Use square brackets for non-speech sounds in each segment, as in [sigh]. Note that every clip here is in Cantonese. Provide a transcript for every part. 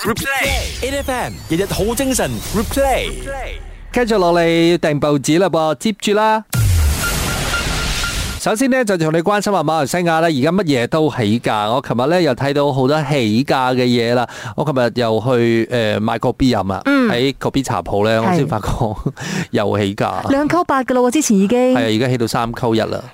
Replay，A F M 日日好精神。Replay，繼續落嚟要訂報紙啦，噃接住啦。 [music] 首先呢，就同你關心吓，馬來西亞咧而家乜嘢都起價。我琴日咧又睇到好多起價嘅嘢啦。我琴日又去誒、呃、買個 B 飲啊，喺個 B 茶鋪咧，我先發覺是 [laughs] 又起價兩勾八噶啦，我之前已經係啊，而家起到三勾一啦。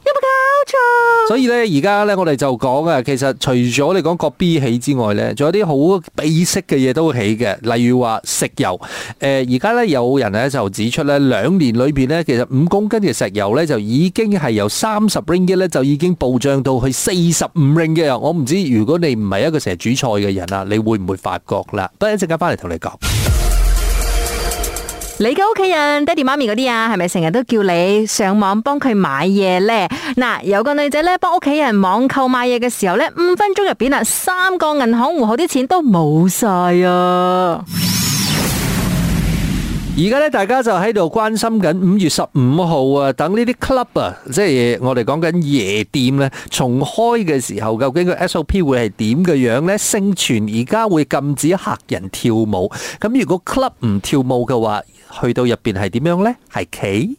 所以咧，而家咧，我哋就講啊，其實除咗你講個 B 起之外咧，仲有啲好秘色嘅嘢都會起嘅，例如話石油。誒、呃，而家咧有人咧就指出咧，兩年裏邊咧，其實五公斤嘅石油咧就已經係由三十 ringgit 咧就已經暴漲到去四十五 ringgit 啊！我唔知如果你唔係一個成日煮菜嘅人啊，你會唔會發覺啦？不一陣間翻嚟同你講。你嘅屋企人爹哋媽咪嗰啲啊，係咪成日都叫你上網幫佢買嘢呢？嗱、啊，有個女仔呢，幫屋企人網購買嘢嘅時候呢，五分鐘入邊啊，三個銀行戶口啲錢都冇晒啊！而家呢，大家就喺度關心緊五月十五號啊，等呢啲 club 啊，即係我哋講緊夜店呢、啊，重開嘅時候，究竟個 SOP 會係點嘅樣呢？盛傳而家會禁止客人跳舞，咁如果 club 唔跳舞嘅話，去到入邊係點樣呢？係企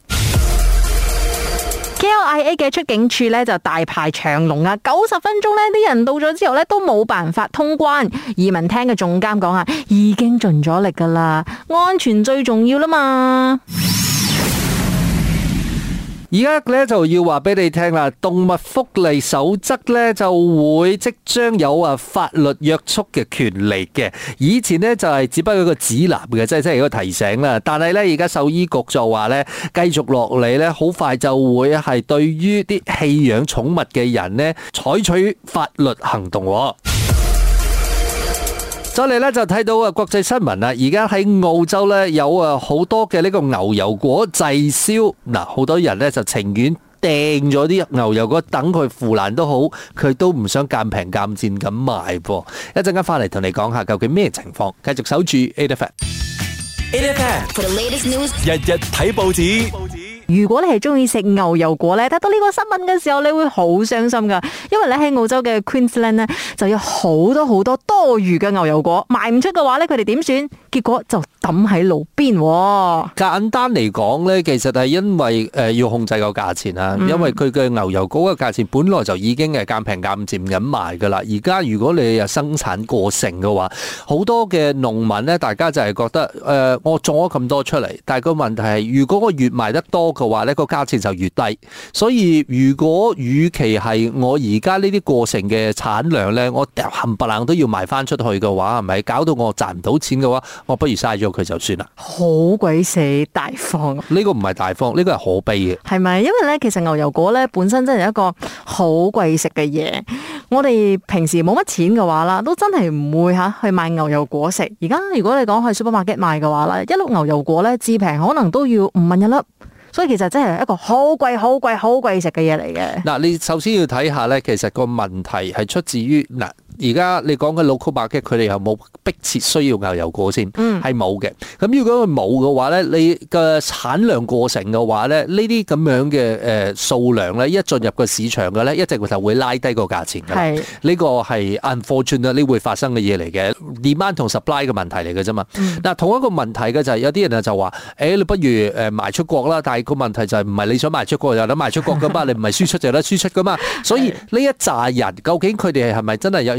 KLIA 嘅出境處呢就大排長龍啊！九十分鐘呢啲人到咗之後呢都冇辦法通關。移民廳嘅總監講啊，已經盡咗力噶啦，安全最重要啦嘛。而家咧就要話俾你聽啦，動物福利守則咧就會即將有啊法律約束嘅權利嘅。以前呢，就係只不過一個指南嘅，即係即係一個提醒啦。但係咧而家獸醫局就話咧，繼續落嚟咧，好快就會係對於啲棄養寵物嘅人咧，採取法律行動。再嚟咧就睇到啊國際新聞啊，而家喺澳洲咧有啊好多嘅呢個牛油果滯銷，嗱，好多人咧就情願掟咗啲牛油果等佢腐爛都好，佢都唔想鑒平鑒賤咁賣噃。一陣間翻嚟同你講下究竟咩情況，繼續守住 a d f a a d f a for the latest news。日日睇報紙報紙。如果你係中意食牛油果咧，睇到呢個新聞嘅時候，你會好傷心噶，因為咧喺澳洲嘅 Queensland 咧，就有好多好多多餘嘅牛油果，賣唔出嘅話咧，佢哋點算？結果就。抌喺路邊，簡單嚟講咧，其實係因為誒要控制個價錢啊，嗯、因為佢嘅牛油果嘅價錢本來就已經係間平間賤咁賣噶啦。而家如果你又生產過剩嘅話，好多嘅農民咧，大家就係覺得誒、呃，我種咗咁多出嚟，但係個問題係，如果我越賣得多嘅話咧，個價錢就越低。所以如果與其係我而家呢啲過剩嘅產量咧，我冚唪唥都要賣翻出去嘅話，係咪搞到我賺唔到錢嘅話，我不如嘥咗。佢就算啦，好鬼死大方。呢個唔係大方，呢個係可悲嘅。係咪？因為咧，其實牛油果咧本身真係一個好貴食嘅嘢。我哋平時冇乜錢嘅話啦，都真係唔會吓去買牛油果食。而家如果你講去 supermarket 買嘅話啦，一碌牛油果咧至平，可能都要五蚊一粒。所以其實真係一個好貴、好貴、好貴食嘅嘢嚟嘅。嗱，你首先要睇下咧，其實個問題係出自於嗱。而家你講緊六曲百嘅，佢哋有冇迫切需要牛油果先？係冇嘅。咁如果佢冇嘅話咧，你嘅產量過剩嘅話咧，呢啲咁樣嘅誒數量咧，一進入個市場嘅咧，一直就會拉低個價錢嘅。係呢是個係 unfortunate 啊，呢會發生嘅嘢嚟嘅，demand 同 supply 嘅問題嚟嘅啫嘛。嗱、嗯，同一個問題嘅就係、是、有啲人就話，誒、哎，你不如誒賣出國啦。但係個問題就係唔係你想賣出國就得賣出國嘅嘛？你唔係輸出就得輸出嘅嘛？ [laughs] 所以呢是一紮人究竟佢哋係咪真係有？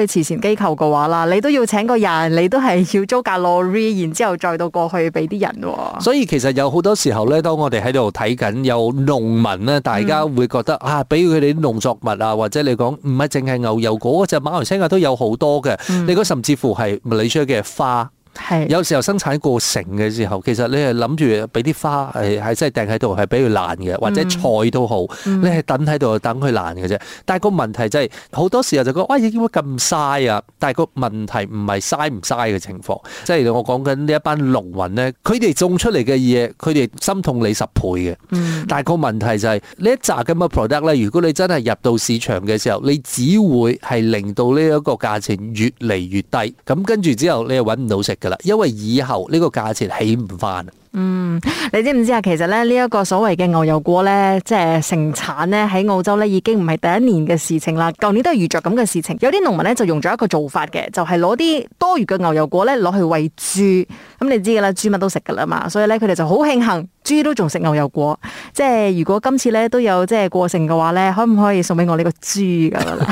去慈善機構嘅話啦，你都要請個人，你都係要租架 lorry，然之後再到過去俾啲人。所以其實有好多時候咧，當我哋喺度睇緊有農民咧，大家會覺得、嗯、啊，俾佢哋啲農作物啊，或者你講唔係淨係牛油果嗰隻、那個、馬來西亞都有好多嘅，嗯、你講甚至乎係理出嘅花。係，是有時候生產過成嘅時候，其實你係諗住俾啲花係係真係掟喺度，係俾佢爛嘅，或者菜都好，嗯、你係等喺度等佢爛嘅啫。但係個問題就係、是、好多時候就覺得：哇「喂，點解咁嘥啊？但係個問題唔係嘥唔嘥嘅情況，即、就、係、是、我講緊呢一班農民咧，佢哋種出嚟嘅嘢，佢哋心痛你十倍嘅。嗯、但係個問題就係、是、呢一紮咁嘅 product 咧，如果你真係入到市場嘅時候，你只會係令到呢一個價錢越嚟越低。咁跟住之後，你又揾唔到食。因為以後呢個價錢起唔翻。嗯，你知唔知啊？其實咧，呢一個所謂嘅牛油果咧，即係盛產咧喺澳洲咧，已經唔係第一年嘅事情啦。舊年都係遇着咁嘅事情，有啲農民咧就用咗一個做法嘅，就係攞啲多餘嘅牛油果咧攞去餵豬。咁你知噶啦，豬乜都食噶啦嘛，所以咧佢哋就好慶幸，豬都仲食牛油果。即係、就是、如果今次咧都有即係過剩嘅話咧，可唔可以送俾我呢個豬咁啊？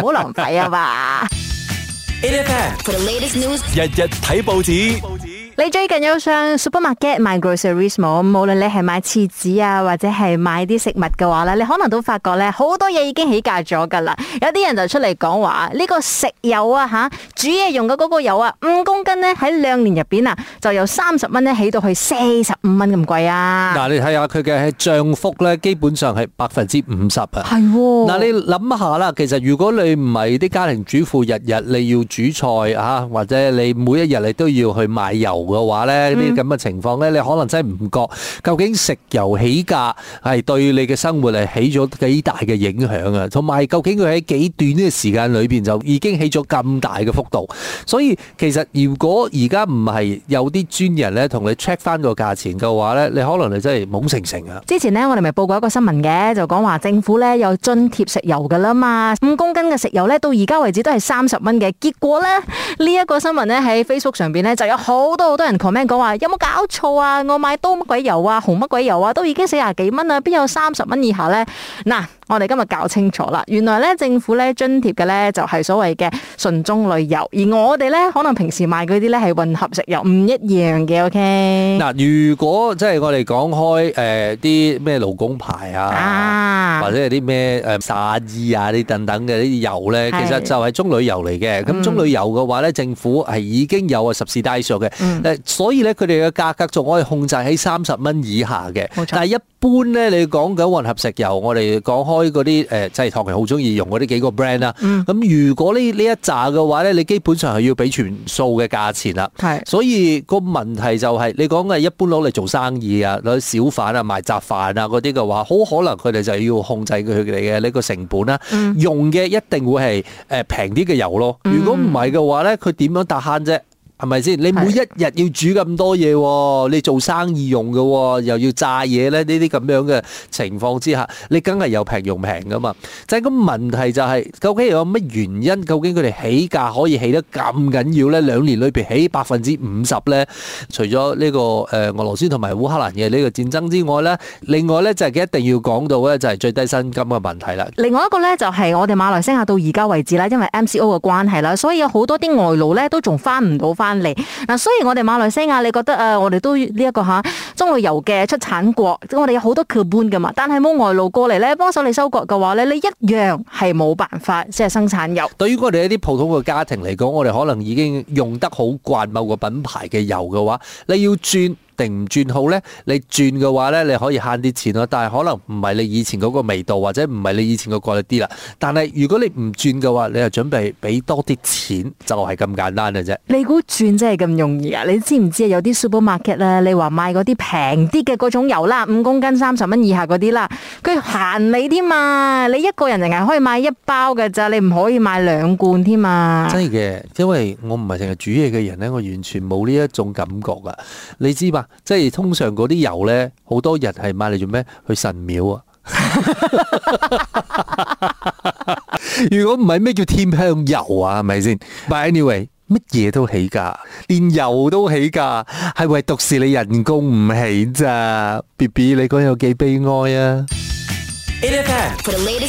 唔好浪費啊嘛！日日睇報紙。日日你最近有上 Supermarket 買 groceries 冇？無論你係買廁紙啊，或者係買啲食物嘅話咧，你可能都發覺咧，好多嘢已經起價咗噶啦。有啲人就出嚟講話，呢個食油啊吓，煮嘢用嘅嗰個油啊，五公斤咧喺兩年入邊啊，就由三十蚊咧起到去四十五蚊咁貴啊！嗱，你睇下佢嘅漲幅咧，基本上係百分之五十啊。係喎。嗱，你諗下啦，其實如果你唔係啲家庭主婦，日日你要煮菜啊，或者你每一日你都要去買油。嘅話呢，呢啲咁嘅情況呢，你可能真係唔覺究竟食油起價係對你嘅生活係起咗幾大嘅影響啊！同埋究竟佢喺幾短呢個時間裏邊就已經起咗咁大嘅幅度，所以其實如果而家唔係有啲專人咧同你 check 翻個價錢嘅話呢，你可能你真係懵成成啊！之前呢，我哋咪報過一個新聞嘅，就講話政府呢有津貼食油㗎啦嘛，五公斤嘅食油呢到而家為止都係三十蚊嘅，結果呢，呢、這、一個新聞呢喺 Facebook 上邊呢就有好多。多人 comment 講話有冇搞錯啊？我買多乜鬼油啊，紅乜鬼油啊，都已經四十幾蚊啊，邊有三十蚊以下咧？嗱。我哋今日搞清楚啦，原來咧政府咧津貼嘅咧就係所謂嘅純棕油，而我哋咧可能平時買嗰啲咧係混合食油唔一樣嘅。O K，嗱，如果即係我哋講開誒啲咩勞工牌啊，或者係啲咩誒散熱啊啲等等嘅啲油咧，其實就係棕油嚟嘅。咁棕油嘅話咧，政府係已經有啊十四大數嘅，誒，所以咧佢哋嘅價格仲可以控制喺三十蚊以下嘅。冇錯，但係一一般咧，你講緊混合食油，我哋講開嗰啲誒，即係唐人好中意用嗰啲幾個 brand 啦、嗯。咁如果呢呢一扎嘅話咧，你基本上係要俾全數嘅價錢啦。係是，所以個問題就係、是、你講嘅一般攞嚟做生意啊，攞小販啊賣雜飯啊嗰啲嘅話，好可能佢哋就要控制佢哋嘅呢個成本啦。嗯、用嘅一定會係誒平啲嘅油咯。如果唔係嘅話咧，佢點樣掙啫？係咪先？你每一日要煮咁多嘢、哦，你做生意用嘅、哦，又要炸嘢咧，呢啲咁樣嘅情況之下，你梗係有平用平㗎嘛？就係個問題就係、是，究竟有乜原因？究竟佢哋起價可以起得咁緊要呢？兩年裏邊起百分之五十呢，除咗呢個誒俄羅斯同埋烏克蘭嘅呢個戰爭之外呢，另外呢，就係、是、一定要講到呢，就係最低薪金嘅問題啦。另外一個呢，就係、是、我哋馬來西亞到而家為止啦，因為 MCO 嘅關係啦，所以有好多啲外勞呢，都仲返唔到返。翻嗱，雖然我哋馬來西亞，你覺得啊、這個，我哋都呢一個吓棕櫚油嘅出產國，我哋有好多 k e l b a 嘛，但係冇外勞過嚟咧，幫手你收割嘅話咧，你一樣係冇辦法即係生產油。對於我哋一啲普通嘅家庭嚟講，我哋可能已經用得好慣某個品牌嘅油嘅話，你要轉。定唔轉好呢？你轉嘅話呢，你可以慳啲錢咯。但係可能唔係你以前嗰個味道，或者唔係你以前個過率啲啦。但係如果你唔轉嘅話，你就準備俾多啲錢，就係、是、咁簡單嘅啫。你估轉真係咁容易啊？你知唔知有啲 supermarket 咧、啊，你話買嗰啲平啲嘅嗰種油啦，五公斤三十蚊以下嗰啲啦，佢限你啲嘛？你一個人淨係可以買一包嘅咋？你唔可以買兩罐添嘛？真係嘅，因為我唔係成日煮嘢嘅人呢，我完全冇呢一種感覺噶。你知嘛？即係通常嗰啲油咧，好多人係買嚟做咩？去神廟啊！ [laughs] [laughs] [laughs] 如果唔係咩叫天香油啊？係咪先？But anyway，乜嘢都起價，連油都起價，係唯獨是你人工唔起咋？B B，你講有幾悲哀啊？Japan,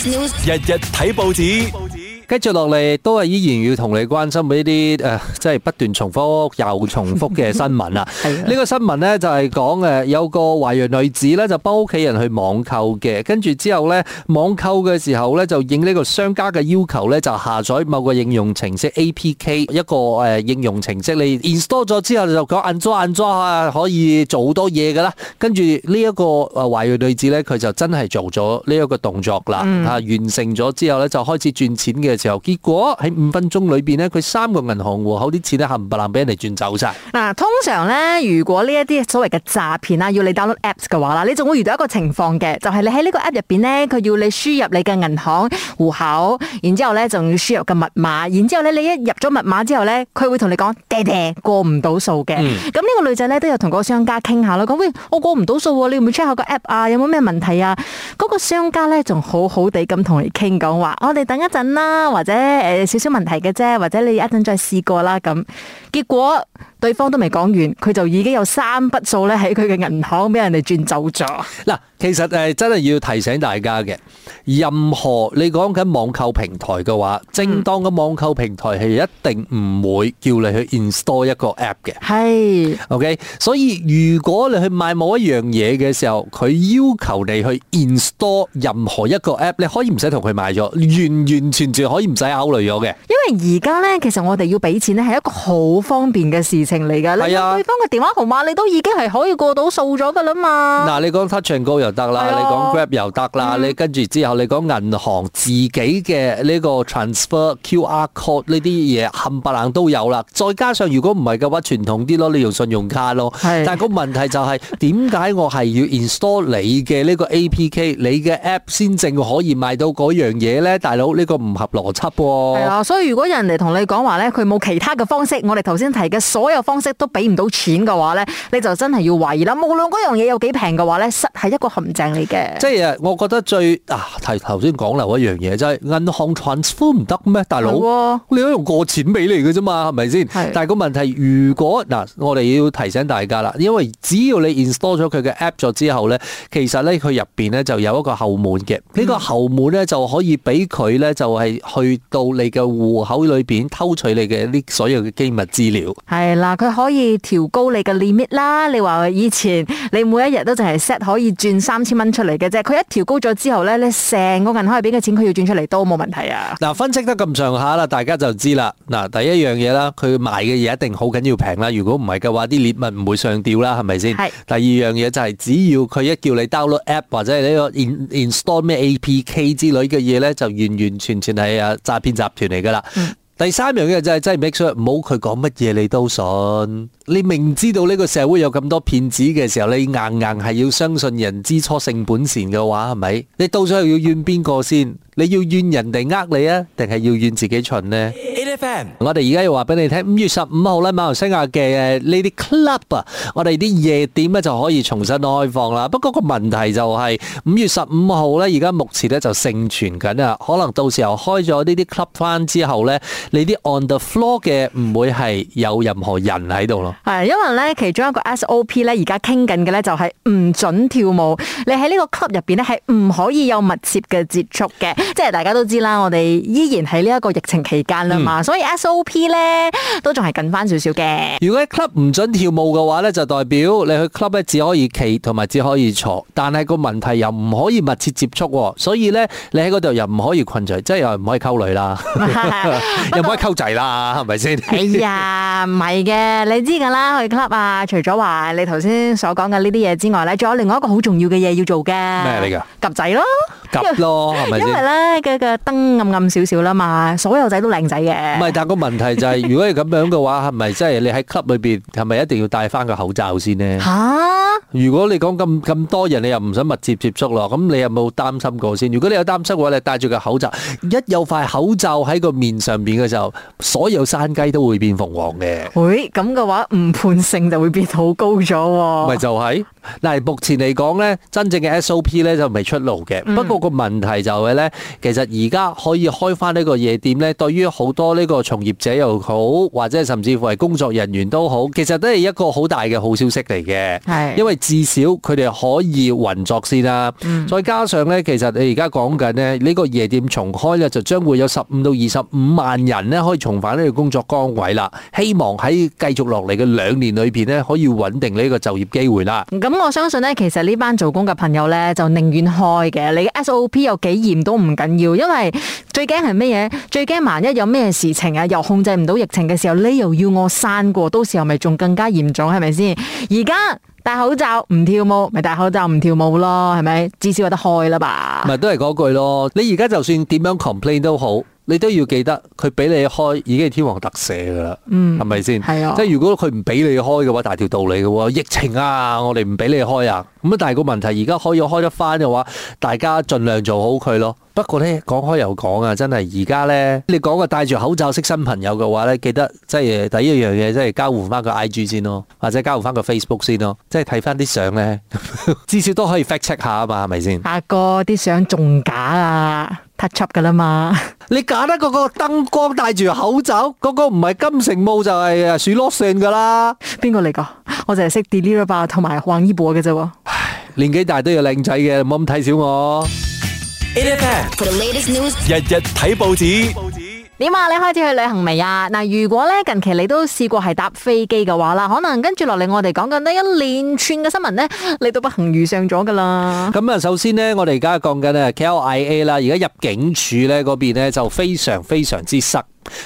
news, 日日睇報紙。報紙跟住落嚟都係依然要同你關心呢啲誒即係不斷重複又重複嘅新聞啦。呢 [laughs] 個新聞咧就係講誒有個懷孕女子咧就幫屋企人去網購嘅，跟住之後咧網購嘅時候咧就應呢個商家嘅要求咧就下載某個應用程式 APK 一個誒應用程式，你 install 咗之後就講 install install 啊，可以做好多嘢噶啦。跟住呢一個誒懷孕女子咧佢就真係做咗呢一個動作啦啊、嗯、完成咗之後咧就開始賺錢嘅時候，結果喺五分鐘裏邊咧，佢三個銀行戶口啲錢咧，冚唪唥俾人哋轉走晒。嗱，通常呢，如果呢一啲所謂嘅詐騙啦，要你 download apps 嘅話啦，你仲會遇到一個情況嘅，就係你喺呢個 app 入邊呢，佢要你輸入你嘅銀行戶口，然之後咧，仲要輸入個密碼，然之後咧，你一入咗密碼之後呢，佢會同你講，爹爹過唔到數嘅。咁呢個女仔呢，都有同個商家傾下啦，講喂，我過唔到數，你會唔會 check 下個 app 啊？有冇咩問題啊？嗰個商家呢，仲好好地咁同你傾講話，我哋等一陣啦。或者誒、呃、少少問題嘅啫，或者你一陣再試過啦咁，結果。對方都未講完，佢就已經有三筆數咧喺佢嘅銀行俾人哋轉走咗。嗱，其實誒真係要提醒大家嘅，任何你講緊網購平台嘅話，正當嘅網購平台係一定唔會叫你去 install 一個 app 嘅。係，OK。所以如果你去買某一樣嘢嘅時候，佢要求你去 install 任何一個 app，你可以唔使同佢買咗，完完全全可以唔使考慮咗嘅。因為而家咧，其實我哋要俾錢咧，係一個好方便嘅事情嚟㗎，你有對方嘅電話號碼，你都已經係可以過到數咗㗎啦嘛。嗱，你講 Touch 'n Go 又得啦，啊、你講 Grab 又得啦，嗯、你跟住之後你講銀行自己嘅呢個 Transfer QR Code 呢啲嘢冚唪唥都有啦。再加上如果唔係嘅話，傳統啲咯，你用信用卡咯。啊、但係個問題就係點解我係要 install 你嘅呢個 APK、 [laughs] 你嘅 App 先正可以買到嗰樣嘢咧，大佬呢、呢個唔合邏輯喎、哦。係、啊、所以如果人哋同你講話咧，佢冇其他嘅方式，我哋頭先提嘅所有。方式都俾唔到錢嘅話咧，你就真係要懷疑啦。無論嗰樣嘢有幾平嘅話咧，實係一個陷阱嚟嘅。即係我覺得最啊，頭頭先講漏一樣嘢，就係、是、銀行 transfer 唔得咩？大佬，的你都用過錢俾你嘅啫嘛，係咪先？的但係個問題，如果嗱，我哋要提醒大家啦，因為只要你 install 咗佢嘅 app 咗之後咧，其實咧佢入邊咧就有一個後門嘅。呢、嗯、個後門咧就可以俾佢咧就係去到你嘅戶口裏邊偷取你嘅啲所有嘅機密資料。係啦。嗱，佢可以調高你嘅 limit 啦。你話以前你每一日都淨係 set 可以轉三千蚊出嚟嘅啫。佢一調高咗之後咧，你成個銀行入邊嘅錢佢要轉出嚟都冇問題啊。嗱、啊，分析得咁上下啦，大家就知啦。嗱、啊，第一樣嘢啦，佢賣嘅嘢一定好緊要平啦。如果唔係嘅話，啲獵物唔會上釣啦，係咪先？是第二樣嘢就係只要佢一叫你 download app 或者係呢個 in install 咩 APK 之類嘅嘢咧，就完完全全係啊詐騙集團嚟噶啦。嗯。第三樣嘢就係真係 make sure 唔好佢講乜嘢你都信。你明知道呢個社會有咁多騙子嘅時候，你硬硬係要相信人之初性本善嘅話，係咪？你到咗又要怨邊個先？你要怨人哋呃你啊，定係要怨自己蠢咧？8FM，我哋而家要話俾你聽，五月十五號咧，馬來西亞嘅誒呢啲 club 啊，我哋啲夜店咧就可以重新開放啦。不過個問題就係五月十五號咧，而家目前咧就盛傳緊啊，可能到時候開咗呢啲 club 翻之後咧，你啲 on the floor 嘅唔會係有任何人喺度咯。係，因為咧，其中一個 SOP 咧，而家傾緊嘅咧就係唔准跳舞。你喺呢個 club 入邊咧，係唔可以有密切嘅接觸嘅。即係大家都知啦，我哋依然喺呢一個疫情期間啦嘛，嗯、所以 SOP 咧都仲係緊翻少少嘅。如果 club 唔准跳舞嘅話咧，就代表你去 club 咧只可以企，同埋只可以坐。但係個問題又唔可以密切接觸，所以咧你喺嗰度又唔可以群聚，即係又唔可以溝女啦，又唔可以溝仔啦，係咪先？哎呀，唔係嘅，你知嘅。啦去 club 啊！除咗話你頭先所講嘅呢啲嘢之外咧，仲有另外一個好重要嘅嘢要做嘅咩？嚟噶夾仔咯，夾咯係咪先？因為咧佢個燈暗暗少少啦嘛，所有仔都靚仔嘅。唔係，但個問題就係，如果係咁樣嘅話，係咪即係你喺 club 裏邊係咪一定要戴翻個口罩先咧？吓！如果你講咁咁多人，你又唔使密切接觸咯，咁你有冇擔心過先？如果你有擔心嘅話，你戴住個口罩，一有塊口罩喺個面上邊嘅時候，所有山雞都會變鳳凰嘅。會咁嘅話？誤判性就會變好高咗，就是，咪就係。嗱，目前嚟講咧，真正嘅 SOP 咧就未出爐嘅。不過個問題就係咧，其實而家可以開返呢個夜店咧，對於好多呢個從業者又好，或者甚至乎係工作人員都好，其實都係一個好大嘅好消息嚟嘅。係，因為至少佢哋可以運作先啦。再加上咧，其實你而家講緊咧，呢個夜店重開咧，就將會有十五到二十五萬人咧可以重返呢個工作崗位啦。希望喺繼續落嚟嘅兩年裏邊咧，可以穩定呢一個就業機會啦。咁。我相信咧，其實呢班做工嘅朋友咧，就寧願開嘅。你 SOP 有幾嚴都唔緊要，因為最驚係乜嘢？最驚萬一有咩事情啊，又控制唔到疫情嘅時候，你又要我刪過，到時候咪仲更加嚴重，係咪先？而家戴口罩唔跳舞，咪戴口罩唔跳舞咯，係咪？至少有得開啦吧。咪都係嗰句咯，你而家就算點樣 complain 都好。你都要記得，佢俾你開已經係天王特赦噶啦，係咪先？吧 [noise] 即係如果佢唔俾你開嘅話，大條道理嘅喎。疫情啊，我哋唔俾你開啊。咁但係個問題而家可以開得翻嘅話，大家盡量做好佢咯。不過咧，講開又講啊，真係而家咧，你講個戴住口罩識新朋友嘅話咧，記得即係第一樣嘢，即係交換翻個 IG 先咯，或者交換翻個 Facebook 先咯。即係睇翻啲相咧， [laughs] 至少都可以 fact check 下啊嘛，係咪先？阿哥啲相仲假啊！touch up 噶啦嘛！你揀得個個燈光戴住口罩，嗰個唔係金城武就係啊，許樂善噶啦。邊個嚟噶？我就係識 Deliverable 同埋黃依伯嘅啫。年紀大都有靚仔嘅，唔好咁睇小我。for the latest news，日日睇報紙。點啊！你開始去旅行未啊？嗱，如果咧近期你都試過係搭飛機嘅話啦，可能跟住落嚟我哋講緊呢一連串嘅新聞呢，你都不幸遇上咗噶啦。咁啊，首先呢，我哋而家講緊啊 KLIA 啦，而家入境處呢嗰邊呢，就非常非常之塞。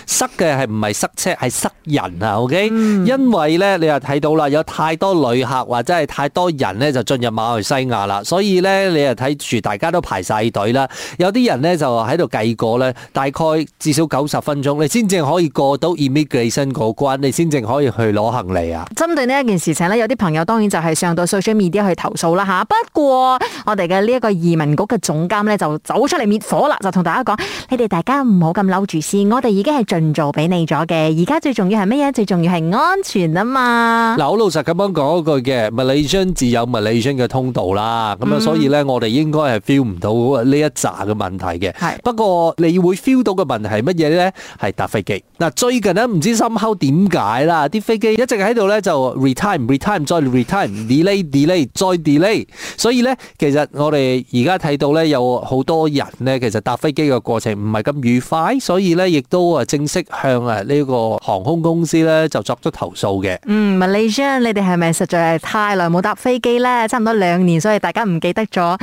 塞嘅係唔係塞車，係塞人啊！OK，嗯、因為呢，你又睇到啦，有太多旅客或者係太多人呢就進入馬來西亞啦。所以呢，你又睇住大家都排晒隊啦。有啲人呢就喺度計過呢，大概至少九十分鐘，你先正可以過到移民局新嗰關，你先正可以去攞行李啊。針對呢一件事情呢，有啲朋友當然就係上到 social media 去投訴啦吓。不過我哋嘅呢一個移民局嘅總監呢，就走出嚟滅火啦，就同大家講，你哋大家唔好咁扭住先。」我哋已經係盡做俾你咗嘅，而家最重要係乜嘢？最重要係安全啊嘛！嗱，我老實咁樣講一句嘅，Malaysia 自有 Malaysia 嘅通道啦，咁樣所以咧，我哋應該係 feel 唔到呢一扎嘅問題嘅。係，不過你會 feel 到嘅問題係乜嘢咧？係搭飛機嗱，最近咧唔知深秋點解啦，啲飛機一直喺度咧就 retime，retime 再 retime，delay，delay 再 delay，所以咧其實我哋而家睇到咧有好多人咧，其實搭飛機嘅過程唔係咁愉快，所以咧亦都。正式向誒呢個航空公司咧就作出投訴嘅。嗯，Malaysia，你哋係咪實在係太耐冇搭飛機咧？差唔多兩年，所以大家唔記得咗。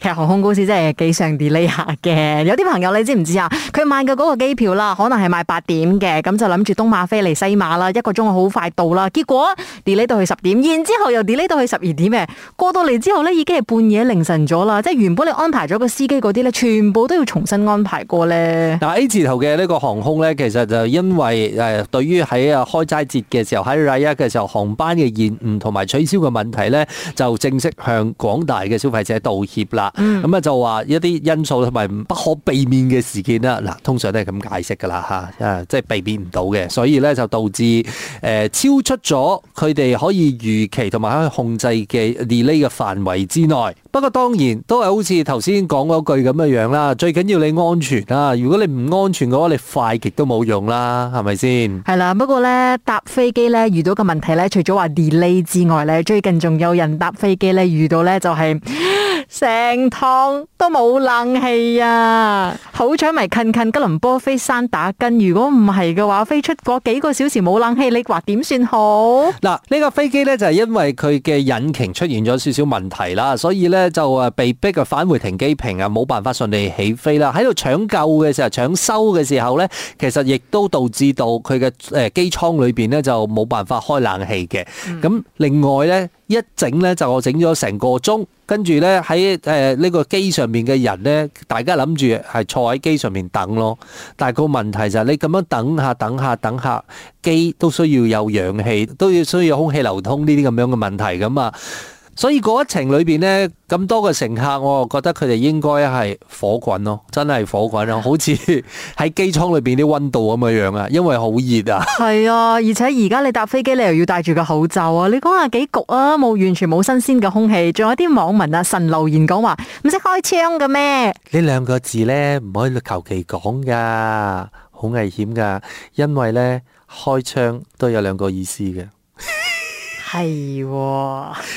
其實航空公司真係幾常 delay 下嘅。有啲朋友你知唔知啊？佢買嘅嗰個機票啦，可能係買八點嘅，咁就諗住東馬飛嚟西馬啦，一個鐘好快到啦。結果 delay 到去十點，然之後又 delay 到去十二點嘅。過到嚟之後咧，已經係半夜凌晨咗啦。即係原本你安排咗個司機嗰啲咧，全部都要重新安排過咧。嗱 A 字頭嘅呢個航空。咧，其實就因為誒，對於喺啊開齋節嘅時候，喺禮一嘅時候，航班嘅延誤同埋取消嘅問題咧，就正式向廣大嘅消費者道歉啦。咁啊、mm. 嗯，就話一啲因素同埋不可避免嘅事件啦。嗱，通常都係咁解釋噶啦嚇，誒、啊，即係避免唔到嘅，所以咧就導致誒、呃、超出咗佢哋可以預期同埋可以控制嘅 delay 嘅範圍之內。不過當然都係好似頭先講嗰句咁嘅樣啦。最緊要你安全啊，如果你唔安全嘅話，你快，亦都冇用啦，係咪先？係 [noise] 啦，不過呢，搭飛機呢，遇到嘅問題呢，除咗話 delay 之外呢，最近仲有人搭飛機呢，遇到呢就係、是、成 [laughs] 趟都冇冷氣啊！好彩咪近近吉隆坡飛山打根，如果唔係嘅話，飛出過幾個小時冇冷氣，你話點算好？嗱，呢個飛機咧，就係因為佢嘅引擎出現咗少少問題啦，所以咧就誒被逼啊返回停機坪啊，冇辦法順利起飛啦。喺度搶救嘅時候、搶修嘅時候咧，其實亦都導致到佢嘅誒機艙裏邊咧就冇辦法開冷氣嘅。咁另外咧一整咧就我整咗成個鐘，跟住咧喺誒呢個機上面嘅人咧，大家諗住係錯。喺機上面等咯，但係個問題就係你咁樣等下等下等下，機都需要有氧氣，都要需要空氣流通呢啲咁樣嘅問題咁啊。所以嗰一程裏邊呢，咁多個乘客，我又覺得佢哋應該係火滾咯，真係火滾咯！好似喺機艙裏邊啲溫度咁樣樣啊，因為好熱啊。係 [laughs] 啊，而且而家你搭飛機，你又要戴住個口罩啊！你講下幾焗啊，冇完全冇新鮮嘅空氣。仲有啲網民啊，神留言講話唔識開槍嘅咩？呢兩個字呢，唔可以求其講噶，好危險噶，因為呢，開槍都有兩個意思嘅。係，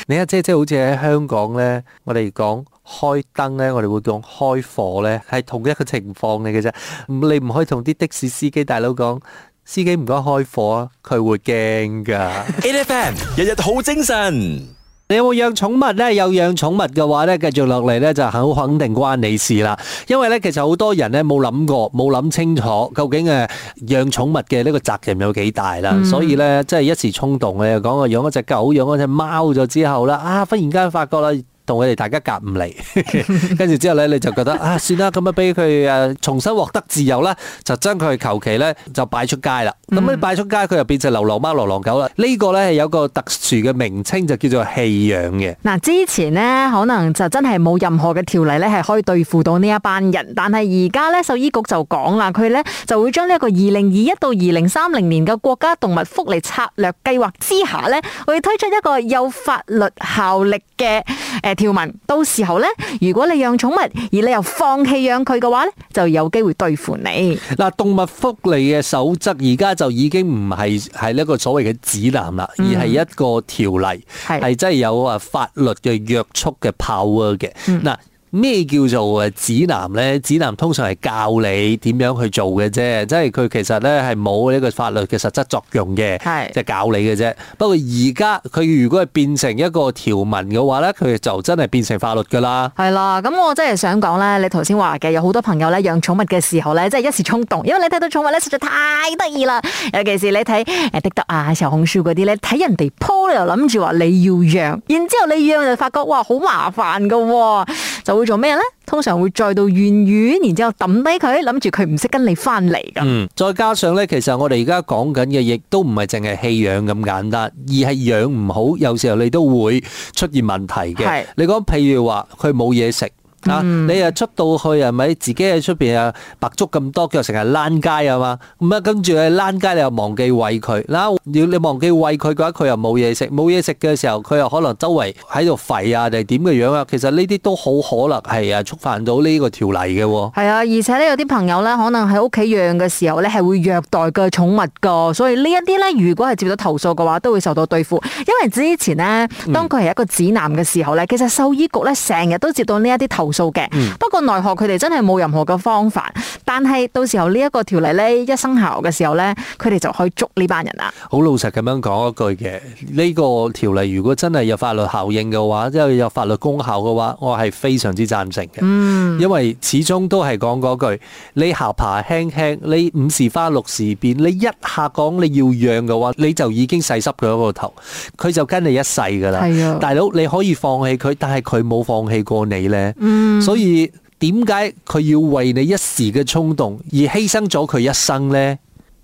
你阿、 [noise] 嗯、 [noise] 姐姐好似喺香港咧，我哋講開燈咧，我哋會講開火咧，係同一個情況嚟嘅啫。你唔可以同啲的士司機大佬講，司機唔該開火，佢會驚噶。 [laughs] A、L、F M 日日好精神。你有冇養寵物呢？有養寵物嘅話呢，繼續落嚟，呢就好肯定關你事啦。因為呢，其實好多人呢冇諗過，冇諗清楚究竟誒養寵物嘅呢個責任有幾大啦。嗯、所以呢，即係一時衝動，呢，又講啊養隻狗，養一隻貓咗之後呢，啊忽然間發覺啦。同佢哋大家隔唔嚟， [laughs] 跟住之後咧，你就覺得啊，算啦，咁啊，俾佢誒重新獲得自由啦，就將佢求其咧就擺出街啦。咁咧擺出街，佢又變成流浪貓流浪狗啦。這個、呢個咧有個特殊嘅名稱就叫做棄養嘅。嗱，之前咧可能就真係冇任何嘅條例咧係可以對付到呢一班人，但係而家咧獸醫局就講啦，佢咧就會將呢一個二零二一到二零三零年嘅國家動物福利策略計劃之下咧，會推出一個有法律效力嘅誒。呃條文，到時候呢，如果你養寵物而你又放棄養佢嘅話呢，就有機會對付你。嗱，動物福利嘅守則而家就已經唔係係一個所謂嘅指南啦，嗯、而係一個條例，係是真係有啊法律嘅約束嘅 power 嘅。嗱、嗯。咩叫做誒指南呢？指南通常係教你點樣去做嘅啫，即係佢其實呢係冇呢個法律嘅實質作用嘅，係即係教你嘅啫。不過而家佢如果係變成一個條文嘅話呢，佢就真係變成法律噶啦。係啦，咁我真係想講呢，你頭先話嘅有好多朋友呢養寵物嘅時候呢，即係一時衝動，因為你睇到寵物呢實在太得意啦。尤其是你睇滴答迪啊、小紅書嗰啲咧，睇人哋 po 咧又諗住話你要養，然之後你養就發覺哇好麻煩噶喎、哦。就會做咩呢？通常會載到遠遠，然之後抌低佢，諗住佢唔識跟你翻嚟噶。嗯，再加上呢，其實我哋而家講緊嘅，亦都唔係淨係棄養咁簡單，而係養唔好，有時候你都會出現問題嘅。係，你講譬如話佢冇嘢食。啊！你又出到去啊？係咪自己喺出邊啊？白粥咁多，佢又成日躝街啊嘛！咁啊，跟住啊躝街，你又忘記餵佢嗱、啊。要你忘記餵佢嘅話，佢又冇嘢食，冇嘢食嘅時候，佢又可能周圍喺度吠啊，定係點嘅樣啊。其實呢啲都好可能係啊觸犯到呢個條例嘅喎、哦。係啊，而且呢，有啲朋友咧可能喺屋企養嘅時候咧係會虐待嘅寵物噶，所以呢一啲咧如果係接到投訴嘅話，都會受到對付。因為之前呢，當佢係一個指南嘅時候咧，嗯、其實獸醫局咧成日都接到呢一啲投數嘅，嗯、不過奈何佢哋真係冇任何嘅方法。但係到時候條呢一個條例咧一生效嘅時候咧，佢哋就可以捉呢班人啦。好老實咁樣講一句嘅，呢、呢個條例如果真係有法律效應嘅話，即係有法律功效嘅話，我係非常之贊成嘅。嗯、因為始終都係講嗰句：你下巴輕輕，你五時花六時變，你一下講你要養嘅話，你就已經細濕佢一個頭，佢就跟你一世噶啦。的大佬你可以放棄佢，但係佢冇放棄過你呢。嗯所以點解佢要為你一時嘅衝動而犧牲咗佢一生呢？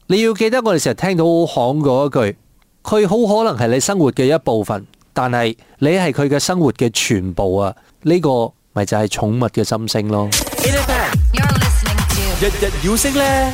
你要記得我哋成日聽到喊嗰一句，佢好可能係你生活嘅一部分，但係你係佢嘅生活嘅全部啊！呢個咪就係寵物嘅心聲咯。日日要識咧。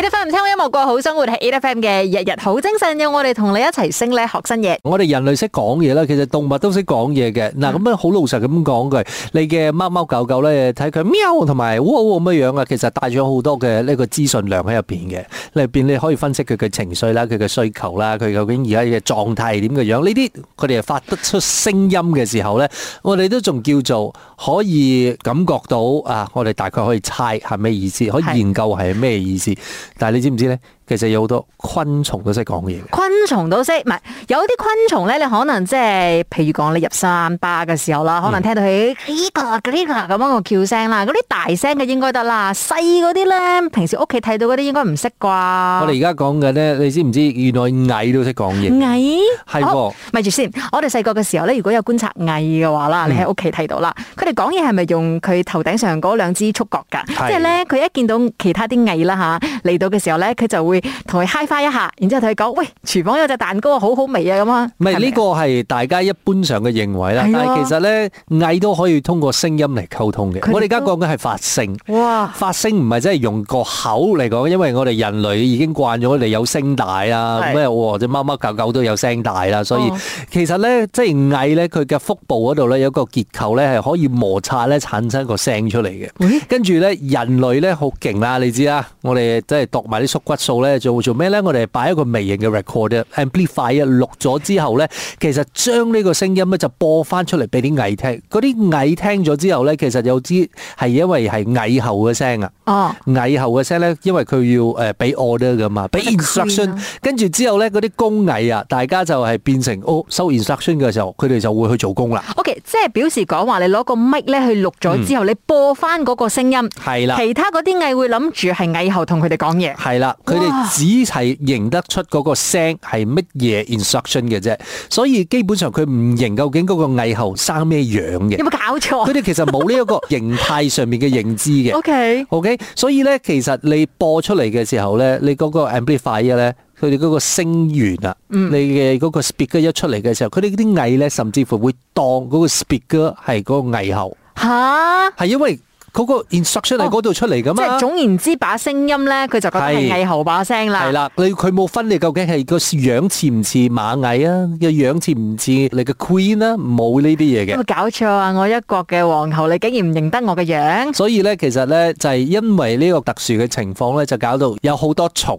你哋聽唔聽音樂，過好生活係 A F M 嘅日日好精神，有我哋同你一齊升咧學新嘢。 [noise] 我哋人類識講嘢啦，其實動物都識講嘢嘅。嗱咁樣，好老實咁講句，你嘅貓貓狗狗咧，睇佢喵同埋喔咁嘅樣啊，其實帶咗好多嘅呢個資訊量喺入邊嘅。入邊你可以分析佢嘅情緒啦，佢嘅需求啦，佢究竟而家嘅狀態係點嘅樣？呢啲佢哋係發得出聲音嘅時候咧，我哋都仲叫做可以感覺到啊！我哋大概可以猜係咩意思，可以研究係咩意思。但係你知唔知咧？其實有好多昆蟲都識講嘢，昆蟲都識，唔係有啲昆蟲咧，你可能即係，譬如講你入山巴嘅時候啦，可能聽到佢嘰、嗯、咯嗰啲咁樣個叫聲啦，嗰啲大聲嘅應該得啦，細嗰啲咧，平時屋企睇到嗰啲應該唔識啩。我哋而家講嘅咧，你知唔知？原來蟻都識講嘢，蟻係，咪住先。我哋細個嘅時候咧，如果有觀察蟻嘅話啦，你喺屋企睇到啦，佢哋講嘢係咪用佢頭頂上嗰兩支觸角噶？即係咧，佢一見到其他啲蟻啦吓嚟到嘅時候咧，佢就會。同佢 high 翻一下，然之後同佢講：喂，廚房有隻蛋糕啊，好好味啊！咁啊，唔係呢個係大家一般上嘅認為啦。但係其實咧，蟻都可以通過聲音嚟溝通嘅。我哋而家講緊係發聲。哇！發聲唔係真係用個口嚟講，因為我哋人類已經慣咗我哋有聲帶啦。咩，隻貓貓狗狗都有聲帶啦。所以其實咧，即係蟻咧，佢嘅腹部嗰度咧有一個結構咧，係可以摩擦咧產生一個聲出嚟嘅。跟住咧，人類咧好勁啦，你知啦，我哋即係剁埋啲縮骨素咧。做做咩咧？我哋擺一個微型嘅 recorder, amplifier 啊，錄咗之後咧，其實將呢個聲音咧就播翻出嚟俾啲蟻聽。嗰啲蟻聽咗之後咧，其實有啲係因為係蟻、哦、后嘅聲啊。哦，蟻后嘅聲咧，因為佢要誒俾 order 噶嘛，俾 instruction。跟住之後咧，嗰啲工蟻啊，大家就係變成收 instruction 嘅時候，佢哋就會去做工啦。O.K.，即係表示講話你攞個 mic 咧去錄咗之後，嗯、你播翻嗰個聲音。係啦。其他嗰啲蟻會諗住係蟻后同佢哋講嘢。係啦，佢哋。只係認得出嗰個聲係乜嘢 instruction 嘅啫，所以基本上佢唔認究,究竟嗰個蟻後生咩樣嘅。有冇搞錯？佢哋其實冇呢一個形態上面嘅認知嘅。OK，OK，所以咧，其實你播出嚟嘅時候咧，你嗰個 amplifier 咧，佢哋嗰個聲源啊，嗯、你嘅嗰個 speaker 一出嚟嘅時候，佢哋啲蟻咧，甚至乎會當嗰個 speaker 係嗰個蟻後。嚇哈係因為。嗰個 research 喺嗰度出嚟噶嘛，即係總言之，把聲音咧，佢就覺得係喉把聲啦。係啦，你佢冇分你究竟係個樣似唔似螞蟻啊，個樣似唔似你個 Queen 啊，冇呢啲嘢嘅。有冇搞錯啊？我一國嘅皇后，你竟然唔認得我嘅樣？所以咧，其實咧就係因為呢個特殊嘅情況咧，就搞到有好多蟲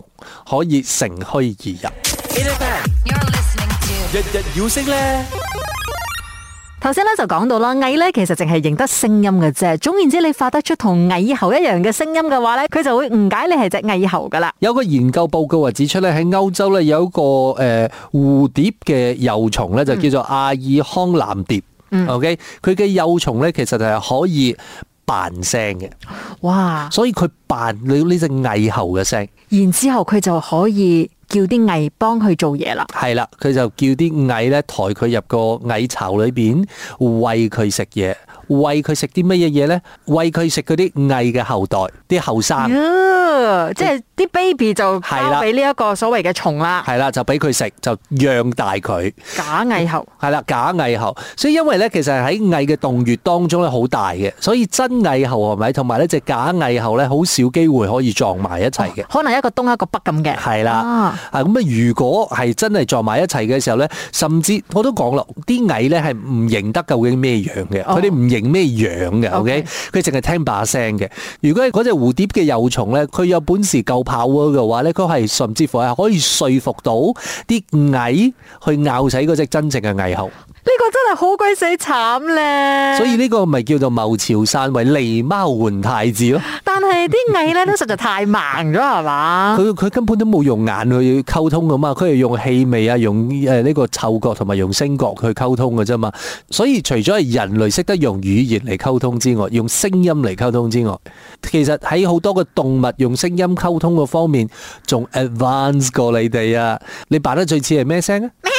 可以乘虛而入。日日要識咧。頭先咧就講到啦，蟻咧其實淨係認得聲音嘅啫。總然之你發得出同蟻猴一樣嘅聲音嘅話咧，佢就會誤解你係隻蟻猴噶啦。有個研究報告話指出咧，喺歐洲咧有一個誒、呃、蝴蝶嘅幼蟲咧就叫做阿爾康藍蝶。嗯，OK，佢嘅幼蟲咧其實就係可以扮聲嘅。哇！所以佢扮咗呢隻蟻猴嘅聲，然之後佢就可以。叫啲蟻幫佢做嘢啦，係啦，佢就叫啲蟻咧抬佢入個蟻巢裏邊餵佢食嘢。喂佢食啲乜嘢嘢咧？喂佢食嗰啲蟻嘅後代，啲後生，yeah，即係啲 baby 就係啦，俾呢一個所謂嘅蟲啦。係啦，就俾佢食，就養大佢。假蟻后，係啦，假蟻后。所以因為咧，其實喺蟻嘅洞穴當中咧，好大嘅，所以真蟻后係咪同埋咧隻假蟻后咧，好少機會可以撞埋一齊嘅，哦。可能一個東一個北咁嘅。係啦的。啊咁啊！如果係真係撞埋一齊嘅時候咧，甚至我都講咯，啲蟻咧係唔認得究竟咩樣嘅，佢哋唔認。影咩樣嘅？OK，佢淨係聽把聲嘅。如果係嗰隻蝴蝶嘅幼蟲咧，佢有本事夠跑嘅話咧，佢係甚至乎係可以說服到啲蟻去咬死嗰隻真正嘅蟻后。呢個真係好鬼死慘咧！所以呢個咪叫做謀朝篡位、狸貓換太子咯。但係啲蟻咧都實在太盲咗，係嘛？佢佢根本都冇用眼去溝通噶嘛，佢係用氣味啊、用誒呢、呃這個嗅覺同埋用聲覺去溝通噶啫嘛。所以除咗係人類識得用語言嚟溝通之外，用聲音嚟溝通之外，其實喺好多個動物用聲音溝通嘅方面，仲 advance 過你哋啊！你扮得最似係咩聲咧？ [laughs]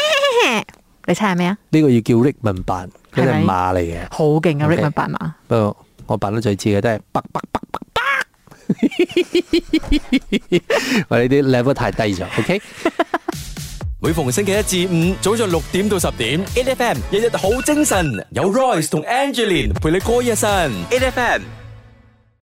你猜係咩啊？呢個要叫 Richman 扮，嗰隻馬嚟嘅，好勁嘅 Richman 扮馬。不過我扮得最似嘅都係，我呢啲 level 太低咗。OK， [laughs] 每逢星期一至五早上六點到十點，AiFM 日日好精神，有 Royce 同 Angelin 陪你過一晨，AiFM。